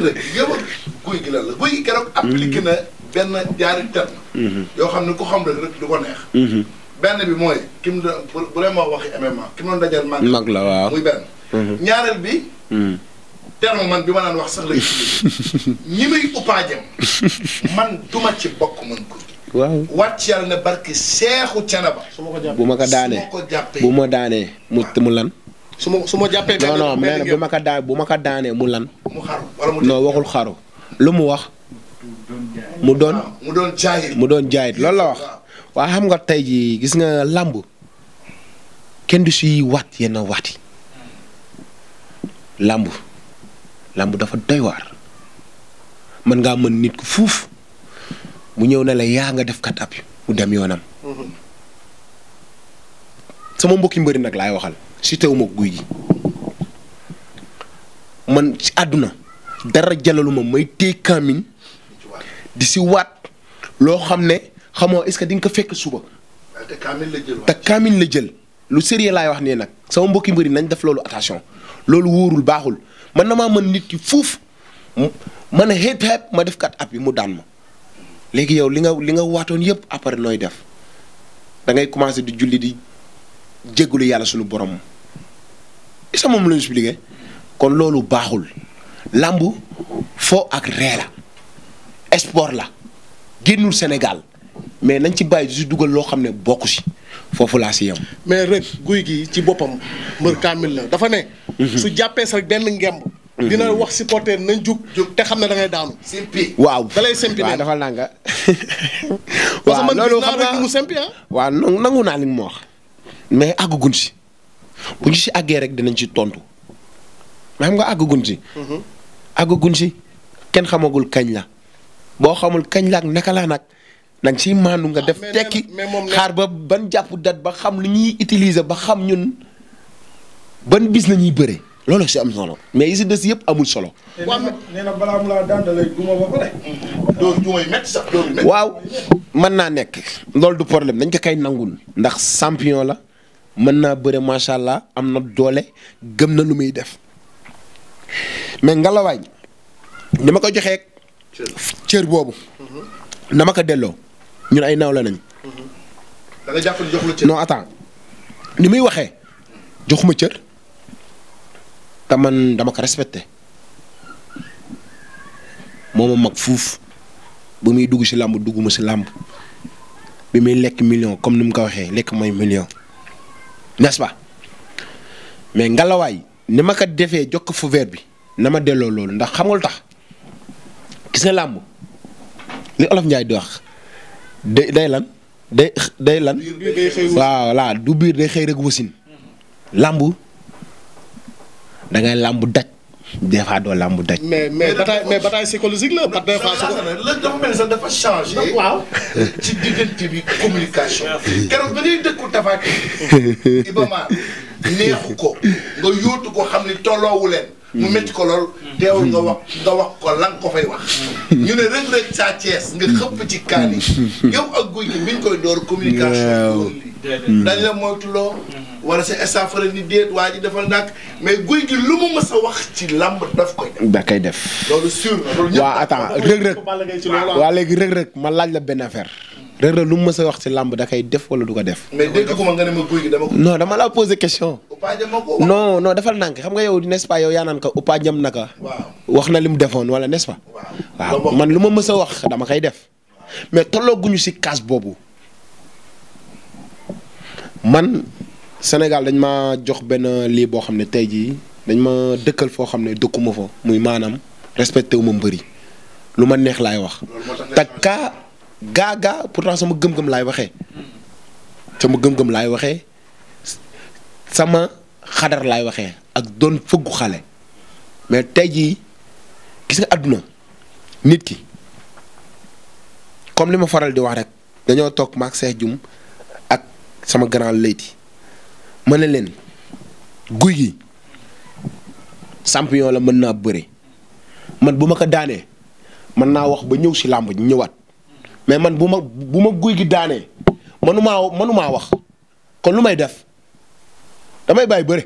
rëg rëg yow ak guy gi lan la guy gi keroog appliqué mm-hmm. na benn jaari terme mm-hmm. yoo xam ne ku xam rek rek ko neex mm-hmm. benn bi mooy ki mu doon bu vraiment waxi MMA ki la waaw bi man bi ma naan wax sax la ñi muy upaajem man duma ci bokk man ko waaw wàcc yàlla ne barki seexu cana ba bu ma ko daanee bu ma daanee mu mu lan su ma su ma jàppee. non mais bu ma ko daa bu ma ko daanee mu lan. mu xaru waxul xaru. lu mu wax. mu doon ah, mu doon jaayit mu doon jaayit loolu la wax. Ah. waa xam nga tey jii gis nga làmb kenn du si waat yenn waat yi làmb làmb dafa doy waar mën ngaa mën nit ku fuuf mu ñëw na la yaa nga def kat ab mu dem yoonam. Mm-hmm. sama mbokki mbari nag laay waxal si teew ma guy gi man ci àdduna dara jalaluma may téye kaamin di si waat loo xam ne xamoo est-ce que di nga ko fekk suba. te kaamin la jël te kaamin la jël lu sérieux laay wax nii nag sama mbokki mbëri nañ def loolu attention loolu wóorul baaxul man na maa mën nit ki fuuf man a xeeb xeeb ma def kat ab yi mu daan ma léegi yow li nga li nga waatoon yëpp après nooy def da ngay commencé di julli di. jéggalu yàlla suñu borom isa moom la ñu kon loolu baaxul làmb foo ak ree la sport la génnul Sénégal mais nañ ci bàyyi di dugal loo xam ne bokku si foofu laa si yem. mais rek guy gi ci boppam mbër kaamil la dafa ne. Mhm. su jàppee sa benn ngemb. Mhm. dina wax supporter nañ jug jug te xam ne da ngay daanu. waaw da lay simpi dafa nanga. waaw loolu xam nga parce que ah. waaw nangu naa li mu wax. mais àggugun si bu ñu si àggee rek dinañ si tontu mais xam nga àggugun si. Mhm. àggugun si kenn xamagul kañ la boo xamul kañ la naka laa nag nañ si maandu nga def. Ah, tekki xaar ba ban jàpp date ba xam lu ñuy utiliser ba xam ñun ban bis la ñuy bëre. loolu si am solo mais yi si des yëpp amul solo. nee waaw mën naa nekk. loolu du problème dañ ko kay nangul ndax sampion la. mën naa bëre macha allah am na doole gëm na lu muy def mais ngalawaañ ni ma ko joxee cër boobu. na ma ko delloo ñun ay naaw la nañ. da nga jàpp jox la cër. ni muy waxee joxuma cër te man dama ko respecté moom a mag fuuf ba muy dugg si làmb dugguma si làmb bi muy lekk million comme ni mu ko waxee lekk mooy million. n'est-ce mais ngalawaay ni ma ko defee jokk fu vert bi na ma delloo loolu ndax xamul tax gis nga làmb li olof Njaay di wax day day lan day day lan. waaw laa du biir day xëy rek wasin làmb da làmb daj. des fois doo làmb daj. mais mais bataille mais bataille psychologique la. parce que des su ko dafa changé. ci diggante bi communication. keroog ba ñuy ko nga yóotu ko xam ni tolloowu leen. mu métti ko lool. teewul nga wax nga wax ko lan ko fay wax. ñu ne Reug Reug nga xëpp ci kaan yow ak guy gi koy door communication. dañ la moytuloo. wala sa estafara waa ji defal ndànk mais guy lu mu mës wax ci lamb daf koy koy def. loolu sûr na loolu waaw attends rëg-rëg waaw léegi rëg-rëg ma laaj la benn affaire. rëg-rëg lu mu mës a wax ci làmb da koy def wala du ko def. mais dégg ma nga ne ma guy gi dama ko. non posé question. non non defal ndànk xam nga yow n'est-ce pas yow yaa naan ko Upa jam naka. wax na li mu defoon wala n'est-ce man lu ma mës a wax dama koy def. mais tolloo guñu ci kaas boobu man Sénégal dañ maa jox benn lii boo xam ne tey jii dañ ma dëkkal foo xam ne dëkkuma fa muy maanaam respecté wu ma mbëri lu ma neex laay wax. te gaa gaa gaa pourtant sama gëm-gëm laay waxee. sama gëm-gëm laay waxee sama xadar laay waxee ak doon fëggu xale mais tey jii gis nga àdduna nit ki comme li ma faral di wax rek dañoo toog maag Cheikh jum ak sama grand Leyti. ma ne leen guy gi champion la mën naa bëre man bu ma ko daanee mën naa wax ba ñëw si làmb ji ñëwaat mais man bu ma bu ma guy gi daanee mënumaa maa wax kon lu may def damay bàyyi bëre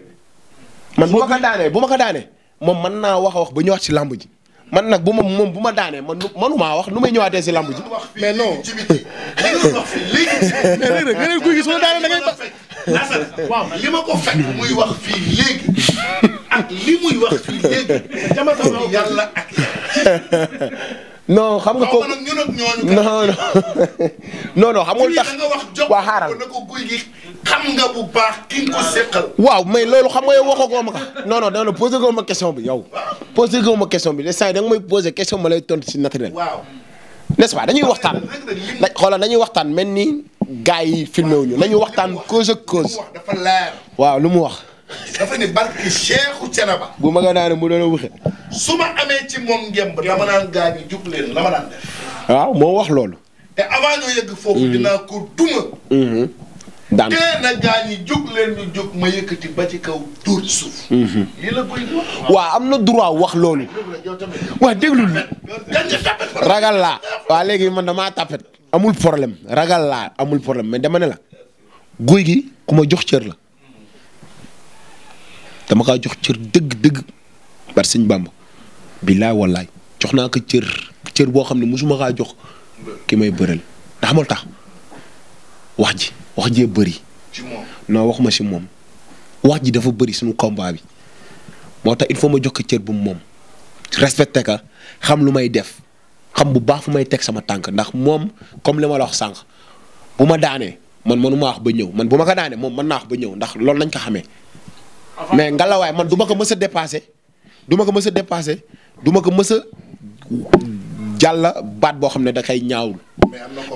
man bu ma ko daanee bu ma ko daanee moom mën naa wax a wax ba ñëwaat si làmb ji man nag bu ma moom bu ma daanee man manumaa wax nu may ñëwaatee si làmb ji mais non mais léegi Assane waaw li ma ko fekk muy wax fii léegi wax fii léegi jamono yàlla ak non xam nga ko non non non xam nga lu tax waa bu baax ki nga ko xam nga yow waxagoo ma ko non non non ma question bi yow posé goo ma question bi les saa yi da nga may posé question ma lay tontu si naturel n'est-ce pas dañuy waxtaan xoolal dañuy waxtaan mel nii gaa yi filmé wuñu nañu waxtaan cause ak cause. dafa leer. waaw lu mu wax. dafa ni barki Cheikhou Thiénaba. bu ma gën a ne mu doon waxee. su ma amee ci moom ngemb dama naan gaa yi jug leen la ma naan def. waaw moo wax loolu. te avant ñoo yëgg foofu. Mm-hmm. dinaa ko duma. Mm-hmm. daan teel na gaa ñi jug leen ñu jug ma yëkkati ba ci kaw tuuti suuf. Mm-hmm. lii la koy wax. waaw am na droit wax loolu. wax déglu. ragal laa. waa léegi man damaa tapet. amul problème ragal laa amul problème mais dama ne la guy gi ku ma jox cër la dama kaa jox cër dëgg dëgg bar sëñ Bàmba billaay wallaay jox naa ko cër cër boo xam ne mosuma kaa jox ki may bëreel ndax moo tax wax ji wax jee bëri. non waxuma si moom wax ji dafa bëri suñu combat bi moo tax il faut ma jox ko cër bu moom respecté ka xam lu may def. xam bu baax fu may teg sama tànk ndax moom comme li ma la wax sànq bu ma daanee man mënu ma wax ba ñëw man bu ma ko daanee moom mën naa wax ba ñëw ndax loolu lañ ko xamee. mais ngalawaay man du ma ko mës a dépassé du ko mës a dépassé du ko mës a jàlla baat boo xam ne da kay ñaawul.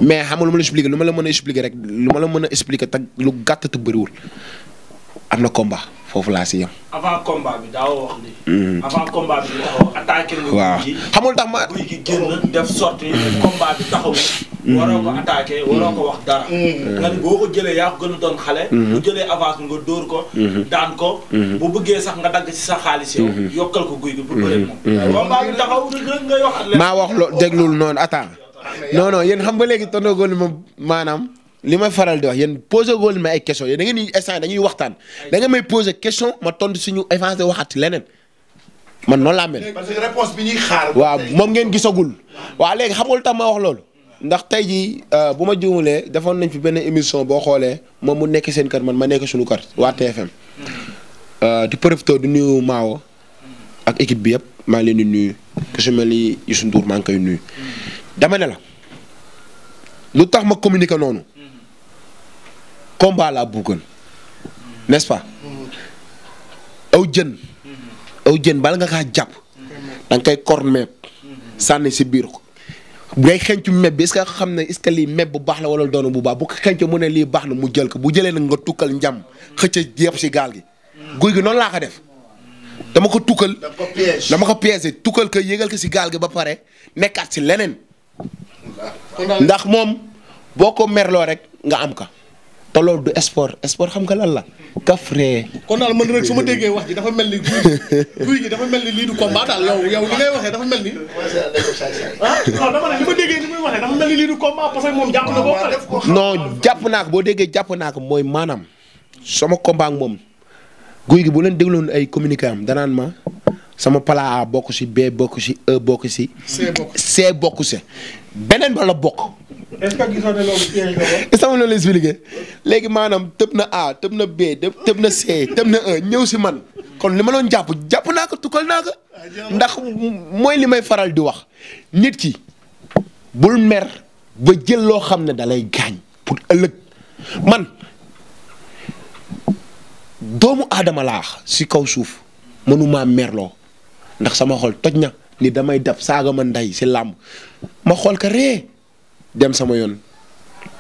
mais xam nga lu ma la expliqué lu la mën a expliqué lu ma la mën a expliqué te lu gàtt te bëriwul am na combat. foofu laa si yem. avant combat bi daawoo wax ni. Hmm. avant combat bi taxaw attaqué nga. waaw xamul tax ma guy gi génn def sorti combat bi hmm. hmm. nga yaa gën doon xale. bu jëlee avance nga dóor ko. daan ko. bu bëggee sax nga dagg si sax xaalis yow. yokkal ko guy gi bu bëree moom. maa wax loo déglul noonu attaque non non xam nga léegi tonton Gool moom maanaam. li ma faral di wax yéen posé goo leen ma ay question yéen da ngeen ni instant dañuy waxtaan da nga may posé question ma tontu suñu avancé waxaat leneen man noonu laa mel. parce que réponse bi ñuy xaar. waaw moom ngeen gi waaw léegi xam nga lu tax ma wax loolu. ndax tey jii euh, bu ma juumalee defoon nañ fi benn émission boo xoolee moom mu nekk seen kër man ma nekk suñu kar waa TFM. Euh, di profité du nuyu Maawo. ak équipe bi yëpp maa ngi leen di nuyu. ku mel ni Youssou Ndour maa ngi koy nuyu. dama ne la lu tax ma communiqué noonu. combat laa jën. aw jën bala nga kaa jàpp. da nga koy si biir ko. ngay xencu meb bi est xam ne est-ce que lii meb bu baax la wala doonu bu baax bu ko xencu ne lii baax na mu bu jëlee nag nga tukkal njam xëcc yëpp si gaal gi. guy noonu laa ko def. ko tukkal dama ko piégé ko yëgal ko gaal gi ba pare nekkaat si leneen. ndax moom boo ko merloo rek nga am ka te loolu du sport sport xam nga lan la. kaf ree. kon daal man rek su ma déggee wax ji dafa mel ni guy gi dafa mel ni lii du combat daal yow yow li ngay waxee dafa mel ni. ah dama ne li ma déggee ni muy waxee dafa mel ni lii du combat parce que moom jàpp na ko. non jàpp naa ko boo déggee jàpp naa ko mooy maanaam sama combat ak moom guy gi bu leen dégloon ay communiqué am danaan ma sama palaa A bokk si B bokk si E bokk si. C bokk si beneen ba la bokk. est-ce que gisoo léegi maanaam tëb na A tëb na B tëb na C tëb na 1 e, ñëw si man kon li ma jàpp jàpp naa ko tukkal naa ko. ndax mooy li may faral di wax nit ki bul mer ba jël loo xam ne dalay lay gaañ pour ëllëg man doomu aadama laa si kaw suuf mer merloo ndax sama xol toj na ni damay dab saaga ma ndey si làmb ma xool ka ree dem sama yoon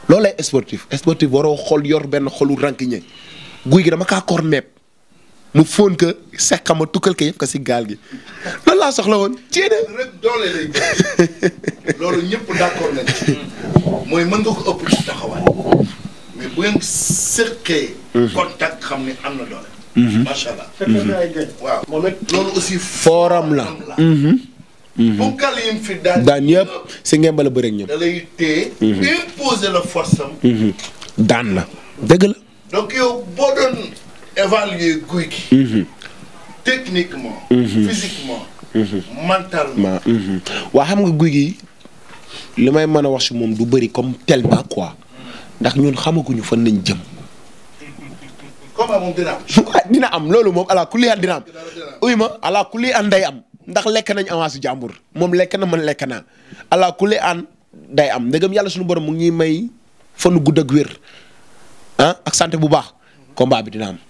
loolu lay sportif sportif waroo xol yor benn xolu rancunier guy gi dama kaa kor meeb mu fóon ka sekka ma tukkal ka yëpp ka si gaal gi loolu laa soxla woon ceene rek doole lay loolu nañ ci bu ngeen sëqee mhm. contact xam ne am na doole mhm. macha allah forum la mhm. bu mhm. kàllin fi daan. daan si ngeen bala bëreeg ñëpp. da lay téye. Mhm. imposer la force am. Mhm. daan la dëgg waa xam nga guy gi li may mën a wax si moom du bëri comme tellement quoi ndax ñun xamaguñu fan lañ jëm. comme moom dina am. dina am loolu moom ala kulli dina am. dina ma ala kulli an day am. ndax lekk nañ avance su jàmbur moom lekk na man lekk naa allah kulli aan day am ndegam yàlla suñu borom mu ngi may fanu gudd ak wér ah ak santé bu baax combat bi dina am.